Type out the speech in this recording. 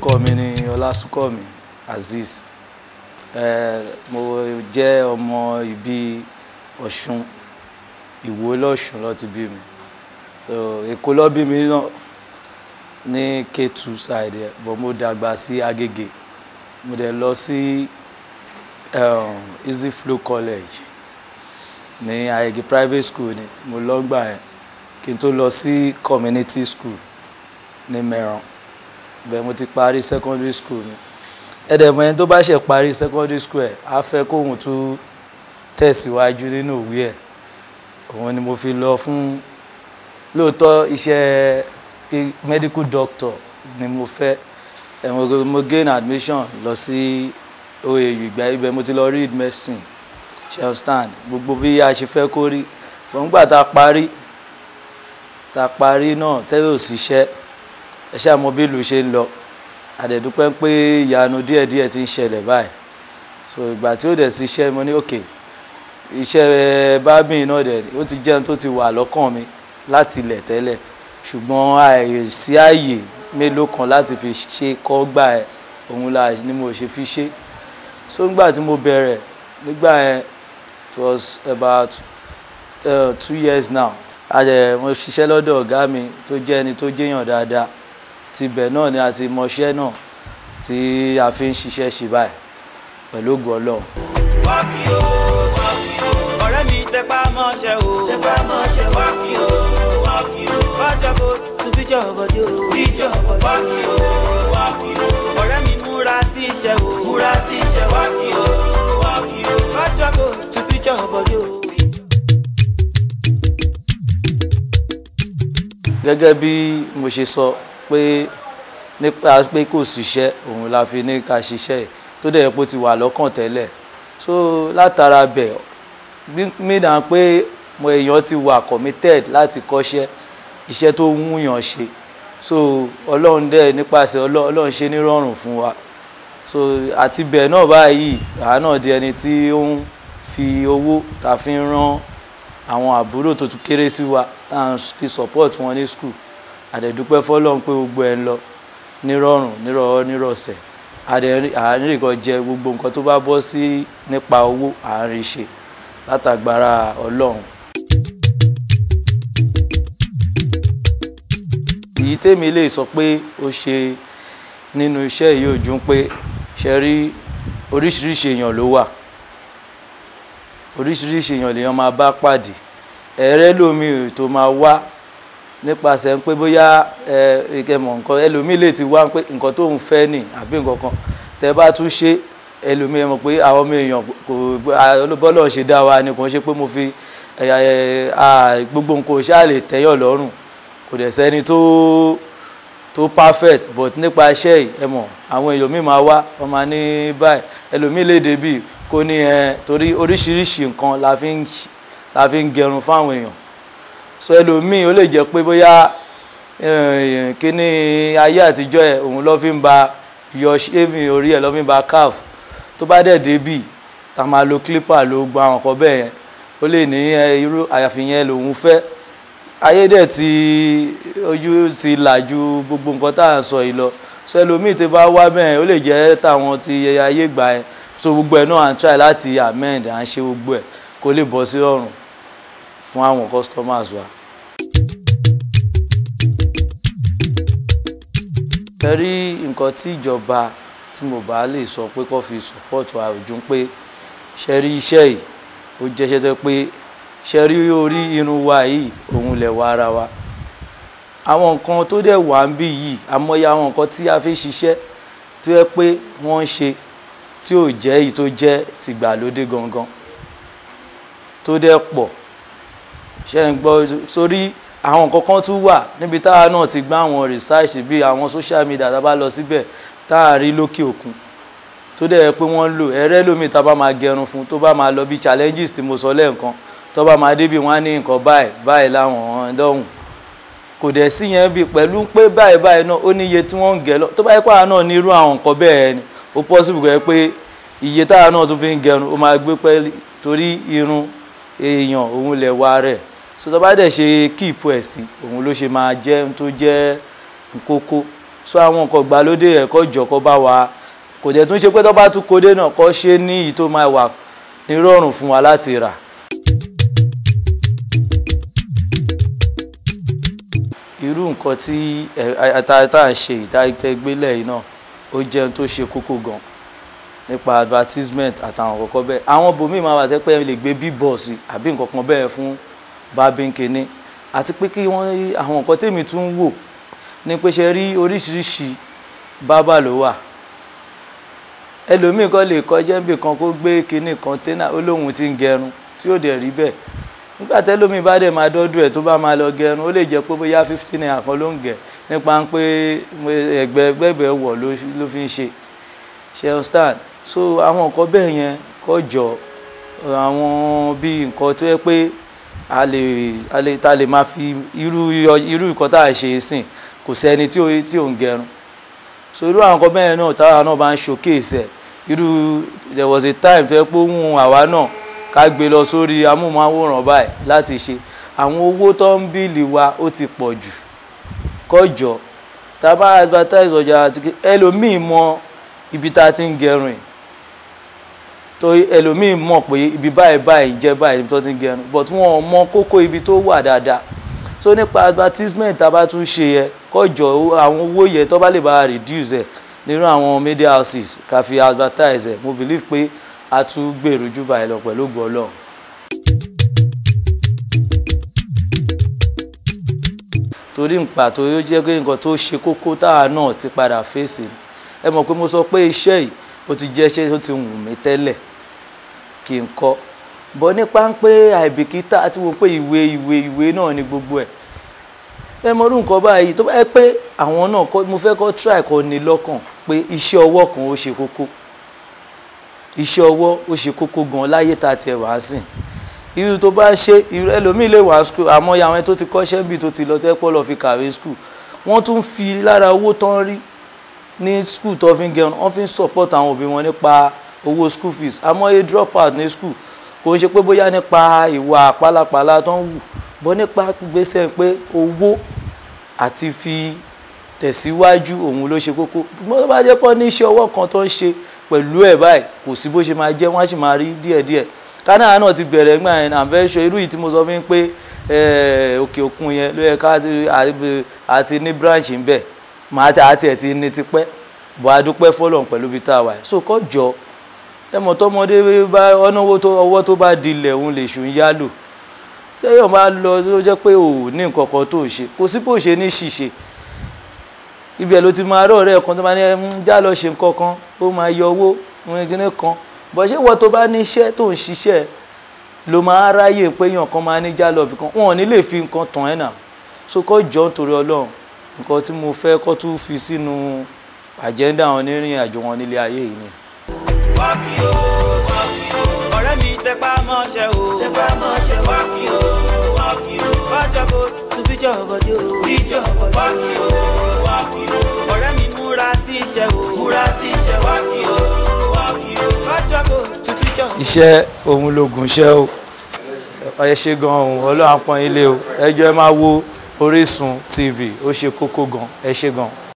orúkọ mi ni ọlásùnkànmí azeez mo jẹ ọmọ ibi ọ̀ṣun ìwó lọ́ṣun ló ti bí mi èkó ló bí mi náà ní k2 side ẹ̀ bọ́ mo dàgbà sí agége mo dẹ̀ lọ sí um, easy flow college ní agége private school ni mo lọ́gbà ẹ̀ kí n tó lọ sí community school ní mẹ́ràn bẹ́ẹ̀ mo ti parí secondary school ni ẹ̀dẹ̀mọ̀ ẹni tó bá ṣe parí secondary school ẹ̀ á fẹ́ kóhun tún tẹ̀síwájú nínú òwe ẹ̀ òun ni mo fi lọ fún lóòótọ́ iṣẹ́ medical doctor ni mo fẹ́ mo gain admission lọ sí OAU ìgbà ibẹ̀ mo ti lọ read medicine ṣe understand gbogbo bí a ṣe fẹ́ kó rí wọ́n gbà tá a parí tá a parí náà tẹ́lẹ̀ ò síṣẹ́ ẹ ṣáà mọ bí ìlú ṣe ń lọ àdẹ̀dúpẹ́ ń pé ìyanu díẹ̀díẹ̀ ti ń ṣẹlẹ̀ báyìí so ìgbà tí ó dẹ̀ sí iṣẹ́ mo ní òkè iṣẹ́ bábìn náà dẹ̀ ó ti jẹun tó ti wà lọ́kàn mi láti ilẹ̀ tẹ́lẹ̀ ṣùgbọ́n àìsí ààyè mélòó kan láti fi ṣe kọ́ gbà ẹ̀ òun la ni mo ṣe fi ṣe so nígbà tí mo bẹ̀rẹ̀ nígbà yẹn it was about uh, two years now a dẹ̀ mo ṣiṣẹ́ lọ́dọ̀ ọ̀gá mi tó jẹ́ ẹni tó jẹ́yàn dáadáa tibẹ̀ náà ni a ti mọṣẹ́ náà tí a fi ń ṣiṣẹ́ ṣe báyìí pẹ̀lú ògùn ọlọ́run. wákì o ọ̀rẹ́ mi tẹpá mọ́ṣẹ́ o tẹpá mọ́ṣẹ́ wákì o wákì o bájọ́ bó tún fíjọ́ ọ̀gọ́dé o fíjọ́ ọ̀gọ́dé o wákì o wákì o ọ̀rẹ́ mi múra sí iṣẹ́ o múra sí iṣẹ́ wákì o wákì o bájọ́ bó tún fíjọ́ ọ̀gọ́dé o. gẹ́gẹ́ bí mo ṣe sọ pé nípa pé kò ṣiṣẹ́ òun la fi ní ká ṣiṣẹ́ yìí tó dẹ̀ yẹ kó ti wà lọ́kàn tẹ́lẹ̀ so látara bẹ̀ mìíràn pé mo èèyàn ti wà committed láti kọ́ṣẹ́ iṣẹ́ tó wúyàn ṣe so ọlọ́run dẹ̀ nípasẹ̀ ọlọ́run ṣe nírọ̀rùn fún wa so àti bẹ̀ náà báyìí àá náà di ẹni tí ó ń fi owó tá a fi ń rán àwọn àbúrò tó tún kéré sí wa tá à ń fi support wọn ní school àdẹ̀dúpẹ́ fọlọ́run pé gbogbo ẹ̀ ń lọ nírọ̀rùn nírọ̀ọ́ nírọ̀sẹ̀ àárínkọ jẹ gbogbo nǹkan tó bá bọ́ sí nípa owó àárín ṣe látàgbára ọlọ́run. èyí tèmi lè sọ pé ó ṣe nínú iṣẹ́ yìí ojú pé ṣe rí oríṣiríṣi èèyàn ló wà oríṣiríṣi èèyàn lèèyàn máa bá pàdé ẹ̀rẹ́ lómi tó máa wá nípasẹ̀ ń pé bóyá ẹ ìkẹmọ̀ nǹkan ẹlòmíì lè ti wá pé nǹkan tó ń fẹ́ nì àbí nǹkan kan tẹ bá tún ṣe ẹlòmíì mọ̀ pé àwọn ọmọ èèyàn kò bọ́lọ̀ ṣe dá wa ni kò ń ṣe pé mo fi gbogbo nǹkan ò ṣáà lè tẹ́yàn lọ́rùn kò dẹ̀ sẹ́ni tó tó perfect but nípa iṣẹ́ yìí ẹ mọ̀ àwọn èèyàn mi máa wá wọ́n máa ní báyìí ẹlòmíì lè débì kò ní ẹ torí oríṣiríṣi nǹkan la fi ń gẹrun fáwọn èèyàn so ẹlòmíì ó lè jẹ́ pé bóyá eh, kíní ayé àtijọ́ ẹ̀ òun lọ́ fi ń ba yọ shaving eh, orí ẹ̀ lọ́ fi ń ba calf tó bá dẹ̀ débì tá máa lo clipper ló gba àwọn kan bẹ́ẹ̀ yẹn ó lè ní eh, irú àyàfihàn lòun fẹ́ ayé dẹ̀ ti ojú ti là ju gbogbo nǹkan tá à ń sọ yìí lọ so ẹlòmíì ti bá wá bẹ́ẹ̀ ó lè jẹ́ táwọn ti ayé gbà yẹn so gbogbo ẹ̀ náà à ń try láti amend à ń ṣe gbogbo ẹ̀ kó lè bọ́ sí ọ̀run fún àwọn customers wa. ẹ rí nǹkan tí ìjọba tí mo bá lè sọ pé kó fi support wa ojú pé ṣe rí iṣẹ́ yìí ó jẹ́ iṣẹ́ tó pé ṣe rí orí irun wa yìí òun lẹ̀ wá ara wa àwọn nǹkan tó dẹ̀ wà ń bí yìí àmọ́yé àwọn nǹkan tí a fi ṣiṣẹ́ tí wẹ́ pé wọ́n ń ṣe tí ò jẹ́ èyí tó jẹ́ tìgbàlódé gangan tó dẹ̀ pọ̀ ṣe ń gbọ́ sórí àwọn nǹkan kan tún wà níbi táwa náà ti gbá àwọn research bíi àwọn social media tá a bá lọ síbẹ̀ tá a rí lókè òkun tó dẹ̀ yẹ pé wọ́n ń lò ẹ̀rẹ́ lómi tá a bá máa gẹrun fún tó bá máa lọ bí challenges tí mo sọ lẹ́ẹ̀kan tó bá máa débi wọ́n á ní nǹkan báyìí báyìí láwọn ọ̀hún dọ́hùn kò dẹ̀ sí yẹn bíi pẹ̀lú pé báyìí báyìí náà ó ní iye tí wọ́n ń gẹ̀ lọ tó bá yẹ pé àwọn náà ní irú àwọn nǹkan bẹ́ẹ̀ ni ó possible kò yẹ pé iye táwa náà tún fi ń gẹrun ó máa gbé pẹ́ẹ́lí torí irun èèyàn òun lè wá rẹ̀ so tó bá dẹ̀ ṣe kíìpù ẹ̀ sí òun ló ṣe máa jẹ́ tó jẹ́ kókó so àwọn nǹkan ìgbàlódé ẹ̀kọ́ ìjọ̀kọ́ bá wa kò jẹ́ tún ṣe pé tó bá tún kódé náà kọ́ ṣe ní ìyí tó máa wà ní rọrùn fún wa láti rà. irú nǹkan tí àtàtà ń ṣe ìdáìtẹ́gbélẹ̀ yìí náà ó jẹun tó ṣe kókó gan nípa advertisement àtàwọn kọ̀ọ̀kan bẹ́ẹ̀ àwọn bòmíì máa wà tẹ́ pé lè gbé bíbọ̀ sí àbí nǹkan kan bẹ́ẹ̀ fún bábínkínní àti pé kí wọ́n àwọn nǹkan tèmi tún ń wò ní pé ṣe rí oríṣiríṣi bábà ló wà ẹlòmíì kan lè kọjá níbì kan kó gbé kinní kọ́ńténà olóhùn ti ń gẹrun tí ó dẹ̀ rí bẹ́ẹ̀ nígbà tẹ́lómi bá dẹ̀ máa dọ́dún ẹ̀ tó bá máa lọ gẹrun ó lè jẹ́ pé bóyá fifteen naira kan ló ń gẹ̀ nípa ń pé ẹgbẹ́ gbẹ́gbẹ́ wọ̀ ló fi ń ṣe ṣe understand so àwọn nǹkan bẹ́ẹ̀ yẹn kọjọ àwọn bíi nǹkan tó yẹ pé a lè a lè ta lè máa fi irú irú nǹkan tá à ń ṣe sìn kò sẹ́ni tí ò tí ò ń gẹrun so irú àwọn nǹkan bẹ́ẹ̀ náà táwa náà bá ń showcase irú there was a time tó yẹ pé òun àwa náà ká gbé lọ sórí amóhùnmáwòrán báyìí láti ṣe àwọn owó tó ń bíìlì wa ó ti pọ̀ jù kọjọ tá a bá advertise ọjà àti ẹlòmíì mọ ibi tá ti ń gẹrun yìí torí ẹlòmíì mọ̀ pé ibi báyìí báyìí jẹ́ báyìí tó ti ń gẹrun but wọn ò mọ kókó ibi tó wà dáadáa so nípa advertisement tá a bá tún ṣe yẹ kọjọ àwọn owó yẹ tó bá lè bá reduce ẹ nínú àwọn media houses ká fi advertise ẹ mo believe pé a tún gbèrú jù báyìí lọ pẹ̀lú ògo Ọlọ́run. torí nípa torí ó jẹ́ pé nǹkan tó ṣe kókó táwa náà ti padà fèsì ẹ mọ̀ pé mo sọ pé iṣẹ́ yìí ó ti jẹ́ iṣẹ́ tó ti wù mí tẹ́lẹ̀ kí n kọ́ bọ́ nípa ń pé àìbìkítà àti wò pé ìwé ìwé ìwé náà ni gbogbo ẹ̀ ẹ mọ orúkọ báyìí tó bá yẹ pé àwọn náà mo fẹ́ kọ́ try kọ́ ni lọ́kàn pé iṣẹ́ ọwọ́ kan ó ṣe kókó iṣẹ́ ọwọ́ ó ṣe kókó gan láyé tá a tiẹ̀ wá sìn irú tó bá ṣe ẹlòmíì lè wá skul àmọ́ ìyá àwọn tó ti kọ́ṣẹ́ bíi tó ti lọ tẹ́ pọ́ lọ fi kàwé skul wọ́n tún fi lára owó tán rí ní skul tó fi ń gẹrun wọ́n fi ń support àwọn òbí wọn nípa owó school fees àmọ́ e drop out ní school kò ń ṣe pé bóyá nípa ìwà pálapàla tó ń wù bọ́ nípa gbèsè pé owó àti fi tẹ̀síwájú òun ló ṣe kókó bó bá jẹ́ pọ́ ní iṣẹ́ ọwọ́ kan tó ń ṣe pẹ̀lú ẹ̀ báyìí kò sí bó ṣe máa jẹ́ wọ́n á sì máa rí díẹ̀díẹ̀ ghana náà ti bẹ̀rẹ̀ nígbà yẹn i'm very sure irú yìí tí mo sọ fún pé eh, òkè òkun yẹn ló yẹ ká àti ní branch ń bẹ̀ màá ti àti ẹ̀ ti ní tipẹ́ bọ́ a dúpẹ́ fọlọ́n pẹ̀lú ibi tá a wà yẹn so kọ́ jọ ẹmọ tọmọdé bá ọ̀nàwó tó ọwọ́ tó bá dilẹ̀ òun lè ṣù ń yálò sẹ́yìn bá lọ tó jẹ́ pé ò ní nǹkan kan tó ṣe kò sí bó ṣe ní ṣìṣe ibi ẹ̀ ló ti máa rọ̀ ọ̀rẹ́ kan tó máa ní já lọ ṣe nǹkan kan ó máa yọ owó wọn kíní kan bọ̀ ṣé wọ́n tó bá ní iṣẹ́ tó ń ṣiṣẹ́ ló máa ráyè pé èèyàn kan máa ní já lọ ibì kan wọn ò ní lè fi nǹkan tàn ẹ́ nà so kọ́ jọ nítorí ọlọ́run nǹkan tí mo fẹ́ kọ́ tún fi sínú àjẹ́ńdà àwọn onírìn àjò wọn nílé ayé yìí ni wákì o ọ̀rẹ́ mi tẹpá mọ́ṣẹ́ o wákì o bájọ́ bó tún fíjọ́ ọ̀gọ́dé o wákì o ọ̀rẹ́ mi múra sí iṣẹ́ o wákì o bájọ́ bó tún fíjọ́. iṣẹ́ òun lògùn iṣẹ́ o ẹ ṣe gan-an ọlọ́run apọ́n ilé o ẹ ẹ máa wo Orísun TV ó ṣe kókó gan ẹ ṣe gan